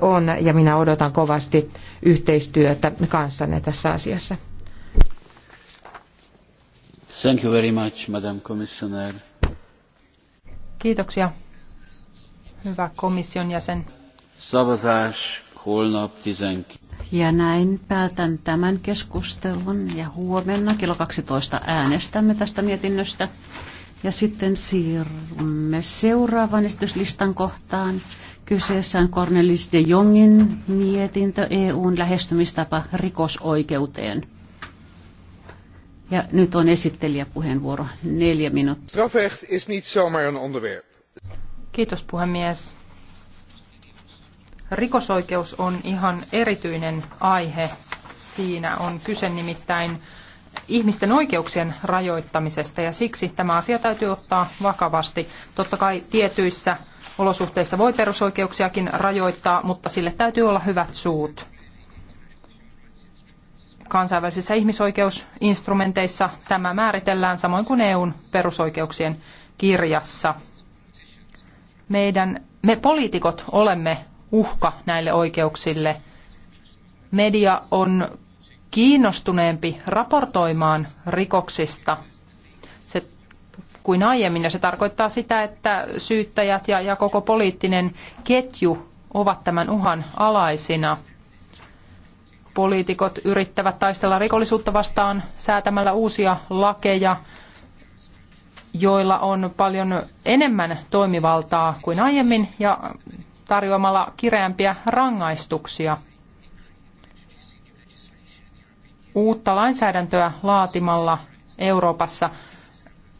on ja minä odotan kovasti yhteistyötä kanssanne tässä asiassa. Thank you very much, Madam Commissioner. Kiitoksia, hyvä komission jäsen. Savazás holnap Ja näin päätän tämän keskustelun ja huomenna kello 12 äänestämme tästä mietinnöstä. Ja sitten siirrymme seuraavan esityslistan kohtaan. Kyseessä on Cornelis de Jongin mietintö EUn lähestymistapa rikosoikeuteen. Ja nyt on esittelijäpuheenvuoro, neljä minuuttia. Strafrecht is niet zomaar een onderwerp. Kiitos puhemies. Rikosoikeus on ihan erityinen aihe. Siinä on kyse nimittäin ihmisten oikeuksien rajoittamisesta ja siksi tämä asia täytyy ottaa vakavasti. Totta kai tietyissä olosuhteissa voi perusoikeuksiakin rajoittaa, mutta sille täytyy olla hyvät suut. Kansainvälisissä ihmisoikeusinstrumenteissa tämä määritellään samoin kuin EUn perusoikeuksien kirjassa. Meidän, me poliitikot olemme uhka näille oikeuksille. Media on kiinnostuneempi raportoimaan rikoksista se, kuin aiemmin. Ja se tarkoittaa sitä, että syyttäjät ja, ja koko poliittinen ketju ovat tämän uhan alaisina. Poliitikot yrittävät taistella rikollisuutta vastaan säätämällä uusia lakeja, joilla on paljon enemmän toimivaltaa kuin aiemmin ja tarjoamalla kireämpiä rangaistuksia – uutta lainsäädäntöä laatimalla Euroopassa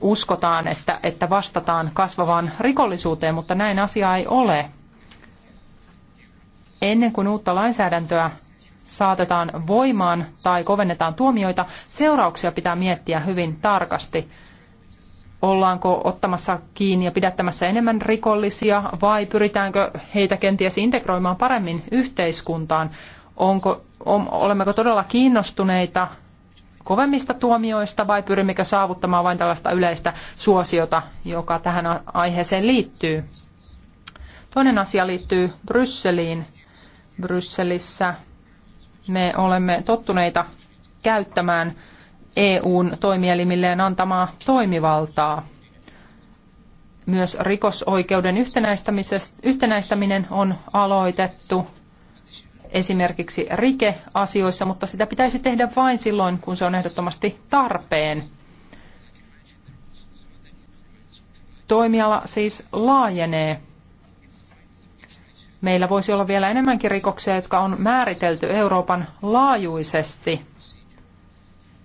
uskotaan, että, että vastataan kasvavaan rikollisuuteen, mutta näin asia ei ole. Ennen kuin uutta lainsäädäntöä saatetaan voimaan tai kovennetaan tuomioita, seurauksia pitää miettiä hyvin tarkasti. Ollaanko ottamassa kiinni ja pidättämässä enemmän rikollisia vai pyritäänkö heitä kenties integroimaan paremmin yhteiskuntaan? Onko olemmeko todella kiinnostuneita kovemmista tuomioista vai pyrimmekö saavuttamaan vain tällaista yleistä suosiota, joka tähän aiheeseen liittyy. Toinen asia liittyy Brysseliin. Brysselissä me olemme tottuneita käyttämään EUn toimielimilleen antamaa toimivaltaa. Myös rikosoikeuden yhtenäistäminen on aloitettu esimerkiksi rikeasioissa, mutta sitä pitäisi tehdä vain silloin, kun se on ehdottomasti tarpeen. Toimiala siis laajenee. Meillä voisi olla vielä enemmänkin rikoksia, jotka on määritelty Euroopan laajuisesti,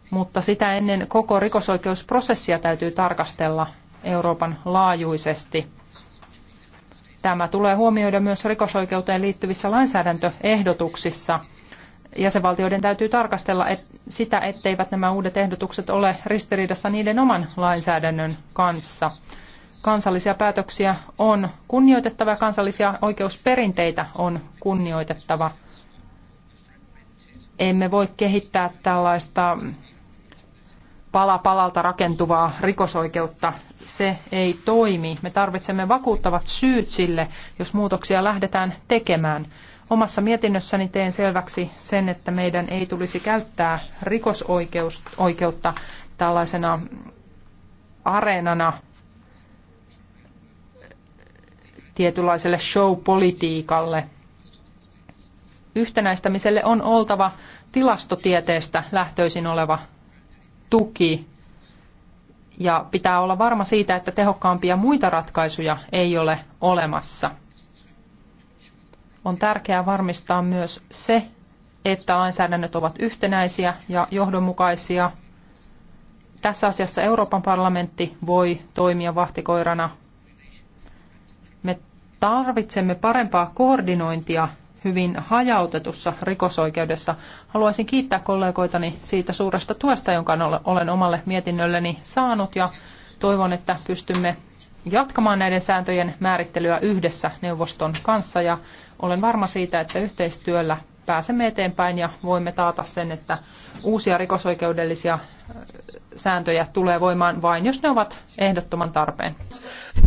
mutta sitä ennen koko rikosoikeusprosessia täytyy tarkastella Euroopan laajuisesti. Tämä tulee huomioida myös rikosoikeuteen liittyvissä lainsäädäntöehdotuksissa. Jäsenvaltioiden täytyy tarkastella et, sitä, etteivät nämä uudet ehdotukset ole ristiriidassa niiden oman lainsäädännön kanssa. Kansallisia päätöksiä on kunnioitettava ja kansallisia oikeusperinteitä on kunnioitettava. Emme voi kehittää tällaista pala palalta rakentuvaa rikosoikeutta. Se ei toimi. Me tarvitsemme vakuuttavat syyt sille, jos muutoksia lähdetään tekemään. Omassa mietinnössäni teen selväksi sen, että meidän ei tulisi käyttää rikosoikeutta tällaisena areenana tietynlaiselle showpolitiikalle Yhtenäistämiselle on oltava tilastotieteestä lähtöisin oleva tuki. Ja pitää olla varma siitä, että tehokkaampia muita ratkaisuja ei ole olemassa. On tärkeää varmistaa myös se, että lainsäädännöt ovat yhtenäisiä ja johdonmukaisia. Tässä asiassa Euroopan parlamentti voi toimia vahtikoirana. Me tarvitsemme parempaa koordinointia hyvin hajautetussa rikosoikeudessa. Haluaisin kiittää kollegoitani siitä suuresta tuesta, jonka olen omalle mietinnölleni saanut ja toivon, että pystymme jatkamaan näiden sääntöjen määrittelyä yhdessä neuvoston kanssa ja olen varma siitä, että yhteistyöllä pääsemme eteenpäin ja voimme taata sen, että uusia rikosoikeudellisia sääntöjä tulee voimaan vain, jos ne ovat ehdottoman tarpeen.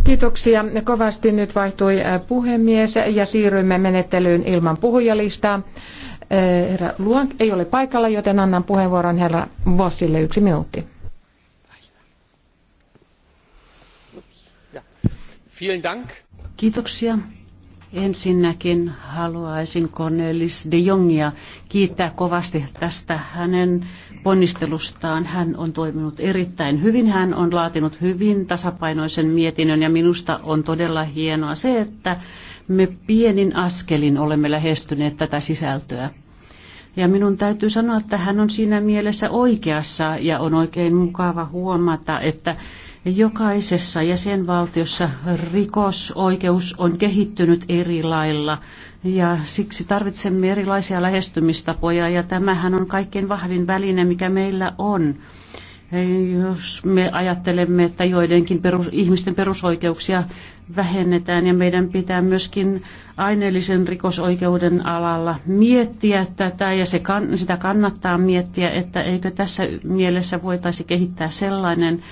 Kiitoksia. Kovasti nyt vaihtui puhemies ja siirrymme menettelyyn ilman puhujalistaa. Herra Luank ei ole paikalla, joten annan puheenvuoron herra Bossille yksi minuutti. Vielen Dank. Kiitoksia Ensinnäkin haluaisin Cornelis de Jongia kiittää kovasti tästä hänen ponnistelustaan. Hän on toiminut erittäin hyvin, hän on laatinut hyvin tasapainoisen mietinnön ja minusta on todella hienoa se, että me pienin askelin olemme lähestyneet tätä sisältöä. Ja minun täytyy sanoa, että hän on siinä mielessä oikeassa ja on oikein mukava huomata, että Jokaisessa jäsenvaltiossa rikosoikeus on kehittynyt eri lailla ja siksi tarvitsemme erilaisia lähestymistapoja ja tämähän on kaikkein vahvin väline, mikä meillä on. Jos me ajattelemme, että joidenkin perus, ihmisten perusoikeuksia vähennetään ja meidän pitää myöskin aineellisen rikosoikeuden alalla miettiä tätä ja se sitä kannattaa miettiä, että eikö tässä mielessä voitaisi kehittää sellainen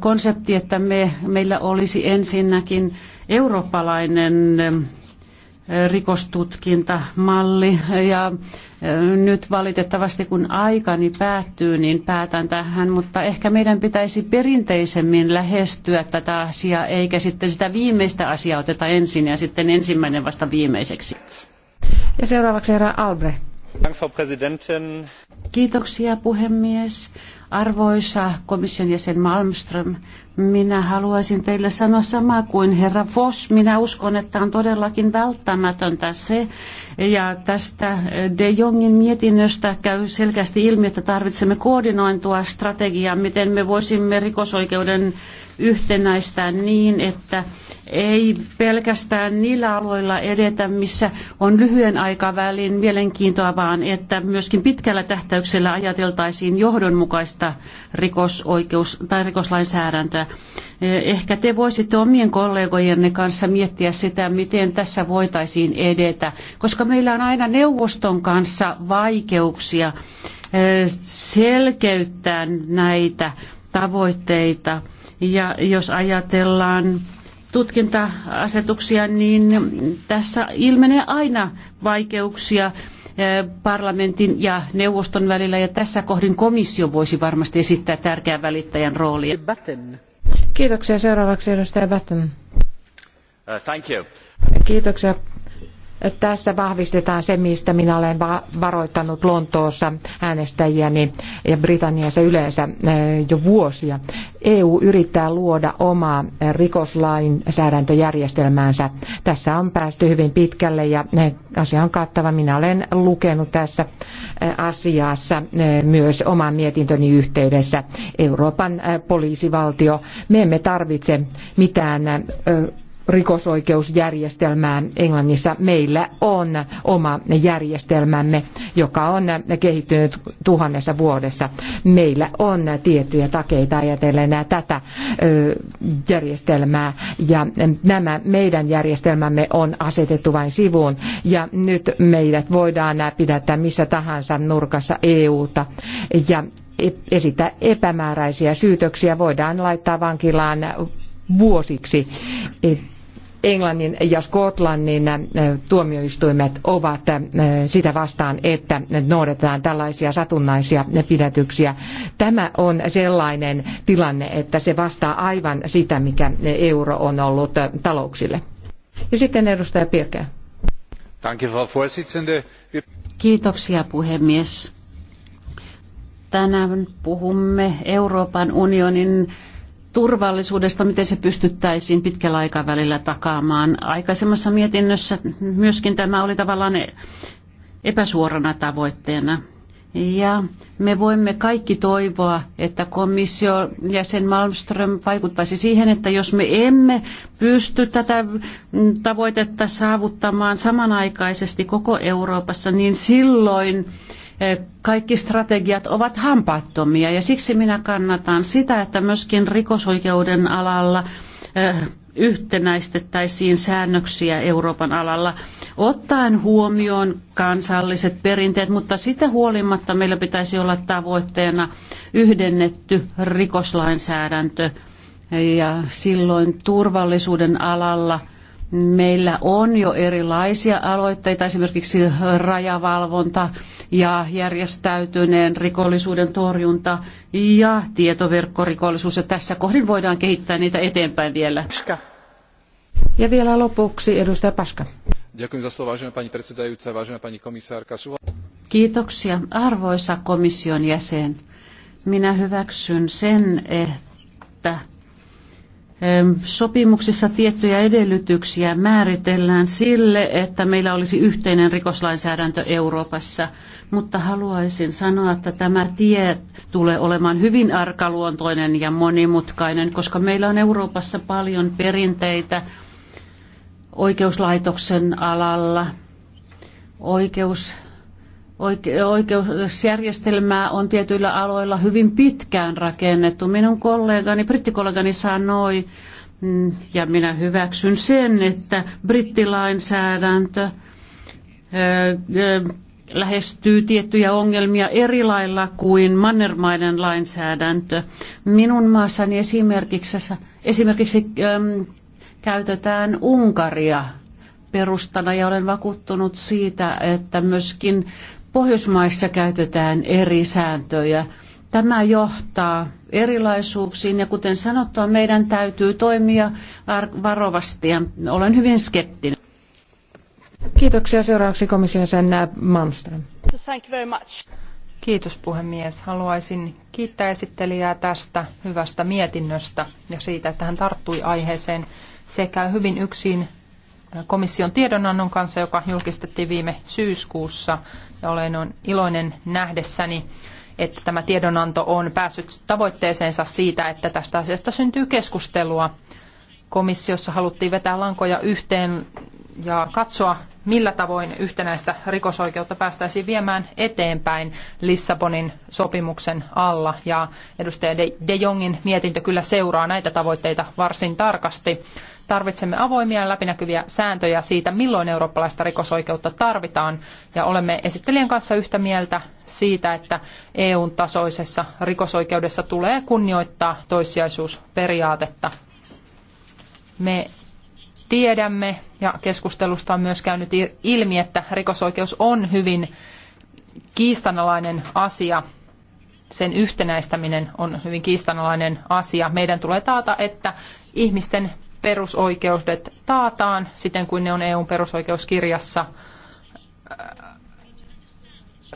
konsepti, että me, meillä olisi ensinnäkin eurooppalainen rikostutkintamalli. Ja nyt valitettavasti kun aikani päättyy, niin päätän tähän, mutta ehkä meidän pitäisi perinteisemmin lähestyä tätä asiaa, eikä sitten sitä viimeistä asiaa oteta ensin ja sitten ensimmäinen vasta viimeiseksi. Ja seuraavaksi herra Albrecht. Kiitoksia puhemies. Arvoisa komission jäsen Malmström, minä haluaisin teille sanoa samaa kuin herra Voss. Minä uskon, että on todellakin välttämätöntä se, ja tästä De Jongin mietinnöstä käy selkeästi ilmi, että tarvitsemme koordinointua strategiaa, miten me voisimme rikosoikeuden yhtenäistää niin, että ei pelkästään niillä alueilla edetä, missä on lyhyen aikavälin mielenkiintoa, vaan että myöskin pitkällä tähtäyksellä ajateltaisiin johdonmukaista rikosoikeus- tai rikoslainsäädäntöä. Ehkä te voisitte omien kollegojenne kanssa miettiä sitä, miten tässä voitaisiin edetä, koska meillä on aina neuvoston kanssa vaikeuksia eh, selkeyttää näitä tavoitteita. Ja jos ajatellaan tutkinta-asetuksia, niin tässä ilmenee aina vaikeuksia eh, parlamentin ja neuvoston välillä, ja tässä kohdin komissio voisi varmasti esittää tärkeän välittäjän roolia. Kiitoksia. Seuraavaksi edustaja Batten. Uh, thank you. Kiitoksia tässä vahvistetaan se, mistä minä olen varoittanut Lontoossa äänestäjiäni ja Britanniassa yleensä eh, jo vuosia. EU yrittää luoda omaa eh, rikoslainsäädäntöjärjestelmäänsä. Tässä on päästy hyvin pitkälle ja eh, asia on kattava. Minä olen lukenut tässä asiassa myös oman mietintöni yhteydessä Euroopan poliisivaltio. Me emme tarvitse mitään rikosoikeusjärjestelmää Englannissa. Meillä on oma järjestelmämme, joka on kehittynyt tuhannessa vuodessa. Meillä on tiettyjä takeita ajatellen tätä järjestelmää ja nämä meidän järjestelmämme on asetettu vain sivuun ja nyt meidät voidaan pidättää missä tahansa nurkassa EUta ja e, esittää epämääräisiä syytöksiä, voidaan laittaa vankilaan vuosiksi Englannin ja Skotlannin äh, tuomioistuimet ovat äh, sitä vastaan, että noudatetaan tällaisia satunnaisia pidätyksiä. Tämä on sellainen tilanne, että se vastaa aivan sitä, mikä euro on ollut äh, talouksille. Ja sitten edustaja Pirkeä. Kiitoksia puhemies. Tänään puhumme Euroopan unionin turvallisuudesta, miten se pystyttäisiin pitkällä aikavälillä takaamaan. Aikaisemmassa mietinnössä myöskin tämä oli tavallaan epäsuorana tavoitteena. Ja me voimme kaikki toivoa, että komissio jäsen Malmström vaikuttaisi siihen, että jos me emme pysty tätä tavoitetta saavuttamaan samanaikaisesti koko Euroopassa, niin silloin kaikki strategiat ovat hampaattomia ja siksi minä kannatan sitä, että myöskin rikosoikeuden alalla yhtenäistettäisiin säännöksiä Euroopan alalla ottaen huomioon kansalliset perinteet, mutta sitä huolimatta meillä pitäisi olla tavoitteena yhdennetty rikoslainsäädäntö ja silloin turvallisuuden alalla – Meillä on jo erilaisia aloitteita, esimerkiksi rajavalvonta ja järjestäytyneen rikollisuuden torjunta ja tietoverkkorikollisuus. Ja tässä kohdin voidaan kehittää niitä eteenpäin vielä. Ja vielä lopuksi edustaja Paska. Kiitoksia, arvoisa komission jäsen. Minä hyväksyn sen, että Sopimuksissa tiettyjä edellytyksiä määritellään sille, että meillä olisi yhteinen rikoslainsäädäntö Euroopassa, mutta haluaisin sanoa, että tämä tie tulee olemaan hyvin arkaluontoinen ja monimutkainen, koska meillä on Euroopassa paljon perinteitä oikeuslaitoksen alalla, oikeus oike- oikeusjärjestelmää on tietyillä aloilla hyvin pitkään rakennettu. Minun kollegani, brittikollegani sanoi, mm, ja minä hyväksyn sen, että brittilainsäädäntö lähestyy tiettyjä ongelmia eri lailla kuin mannermaiden lainsäädäntö. Minun maassani esimerkiksi, esimerkiksi käytetään Unkaria perustana ja olen vakuuttunut siitä, että myöskin Pohjoismaissa käytetään eri sääntöjä. Tämä johtaa erilaisuuksiin ja kuten sanottua, meidän täytyy toimia varovasti ja olen hyvin skeptinen. Kiitoksia. Seuraavaksi komission sen Malmström. Thank you very much. Kiitos puhemies. Haluaisin kiittää esittelijää tästä hyvästä mietinnöstä ja siitä, että hän tarttui aiheeseen sekä hyvin yksin komission tiedonannon kanssa, joka julkistettiin viime syyskuussa. Ja olen iloinen nähdessäni, että tämä tiedonanto on päässyt tavoitteeseensa siitä, että tästä asiasta syntyy keskustelua. Komissiossa haluttiin vetää lankoja yhteen ja katsoa, millä tavoin yhtenäistä rikosoikeutta päästäisiin viemään eteenpäin Lissabonin sopimuksen alla. Ja edustaja De Jongin mietintö kyllä seuraa näitä tavoitteita varsin tarkasti. Tarvitsemme avoimia ja läpinäkyviä sääntöjä siitä, milloin eurooppalaista rikosoikeutta tarvitaan, ja olemme esittelijän kanssa yhtä mieltä siitä, että EUn tasoisessa rikosoikeudessa tulee kunnioittaa toissijaisuusperiaatetta. Me tiedämme, ja keskustelusta on myös käynyt ilmi, että rikosoikeus on hyvin kiistanalainen asia. Sen yhtenäistäminen on hyvin kiistanalainen asia. Meidän tulee taata, että ihmisten perusoikeudet taataan siten kuin ne on EUn perusoikeuskirjassa äh,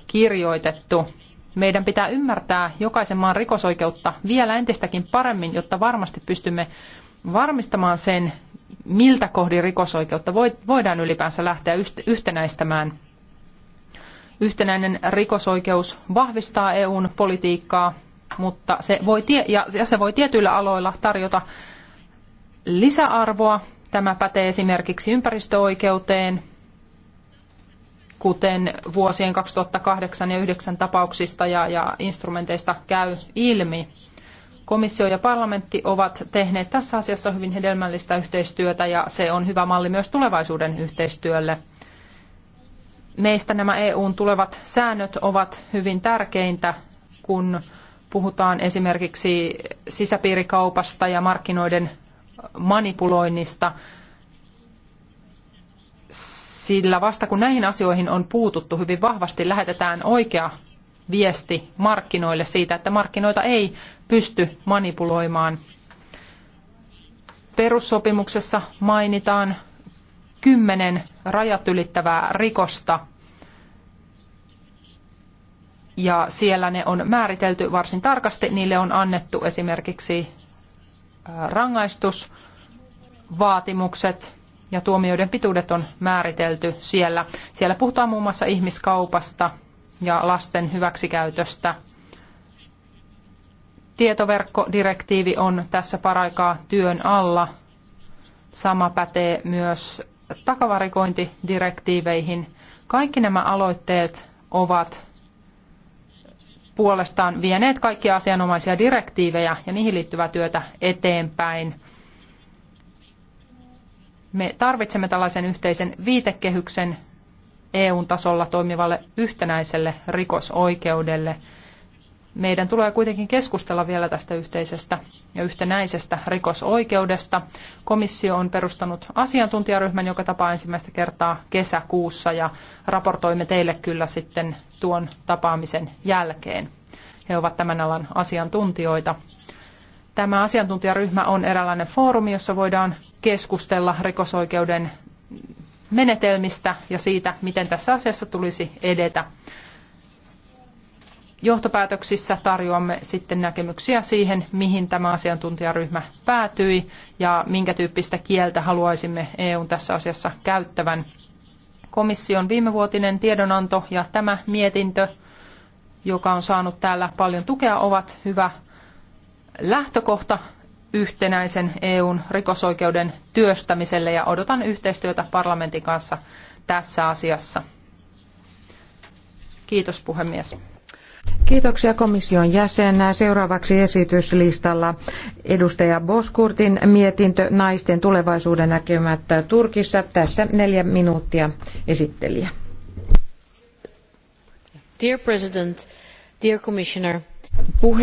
kirjoitettu. Meidän pitää ymmärtää jokaisen maan rikosoikeutta vielä entistäkin paremmin, jotta varmasti pystymme varmistamaan sen, miltä kohdin rikosoikeutta voidaan ylipäänsä lähteä yhtenäistämään. Yhtenäinen rikosoikeus vahvistaa EUn politiikkaa, mutta se voi tie- ja se voi tietyillä aloilla tarjota lisäarvoa. Tämä pätee esimerkiksi ympäristöoikeuteen, kuten vuosien 2008 ja 2009 tapauksista ja, ja instrumenteista käy ilmi. Komissio ja parlamentti ovat tehneet tässä asiassa hyvin hedelmällistä yhteistyötä ja se on hyvä malli myös tulevaisuuden yhteistyölle. Meistä nämä EUn tulevat säännöt ovat hyvin tärkeintä, kun puhutaan esimerkiksi sisäpiirikaupasta ja markkinoiden manipuloinnista, sillä vasta kun näihin asioihin on puututtu hyvin vahvasti, lähetetään oikea viesti markkinoille siitä, että markkinoita ei pysty manipuloimaan. Perussopimuksessa mainitaan kymmenen rajat ylittävää rikosta, ja siellä ne on määritelty varsin tarkasti. Niille on annettu esimerkiksi Äh, rangaistusvaatimukset ja tuomioiden pituudet on määritelty siellä. Siellä puhutaan muun muassa ihmiskaupasta ja lasten hyväksikäytöstä. Tietoverkkodirektiivi on tässä paraikaa työn alla. Sama pätee myös takavarikointidirektiiveihin. Kaikki nämä aloitteet ovat puolestaan vieneet kaikkia asianomaisia direktiivejä ja niihin liittyvää työtä eteenpäin. Me tarvitsemme tällaisen yhteisen viitekehyksen EUn tasolla toimivalle yhtenäiselle rikosoikeudelle – meidän tulee kuitenkin keskustella vielä tästä yhteisestä ja yhtenäisestä rikosoikeudesta. Komissio on perustanut asiantuntijaryhmän, joka tapaa ensimmäistä kertaa kesäkuussa ja raportoimme teille kyllä sitten tuon tapaamisen jälkeen. He ovat tämän alan asiantuntijoita. Tämä asiantuntijaryhmä on eräänlainen foorumi, jossa voidaan keskustella rikosoikeuden menetelmistä ja siitä, miten tässä asiassa tulisi edetä johtopäätöksissä tarjoamme sitten näkemyksiä siihen, mihin tämä asiantuntijaryhmä päätyi ja minkä tyyppistä kieltä haluaisimme EUn tässä asiassa käyttävän. Komission viimevuotinen tiedonanto ja tämä mietintö, joka on saanut täällä paljon tukea, ovat hyvä lähtökohta yhtenäisen EUn rikosoikeuden työstämiselle ja odotan yhteistyötä parlamentin kanssa tässä asiassa. Kiitos puhemies. Kiitoksia komission jäsen. Seuraavaksi esityslistalla edustaja Boskurtin mietintö naisten tulevaisuuden näkymät Turkissa. Tässä neljä minuuttia esittelijä. Dear President, dear Commissioner. Puhe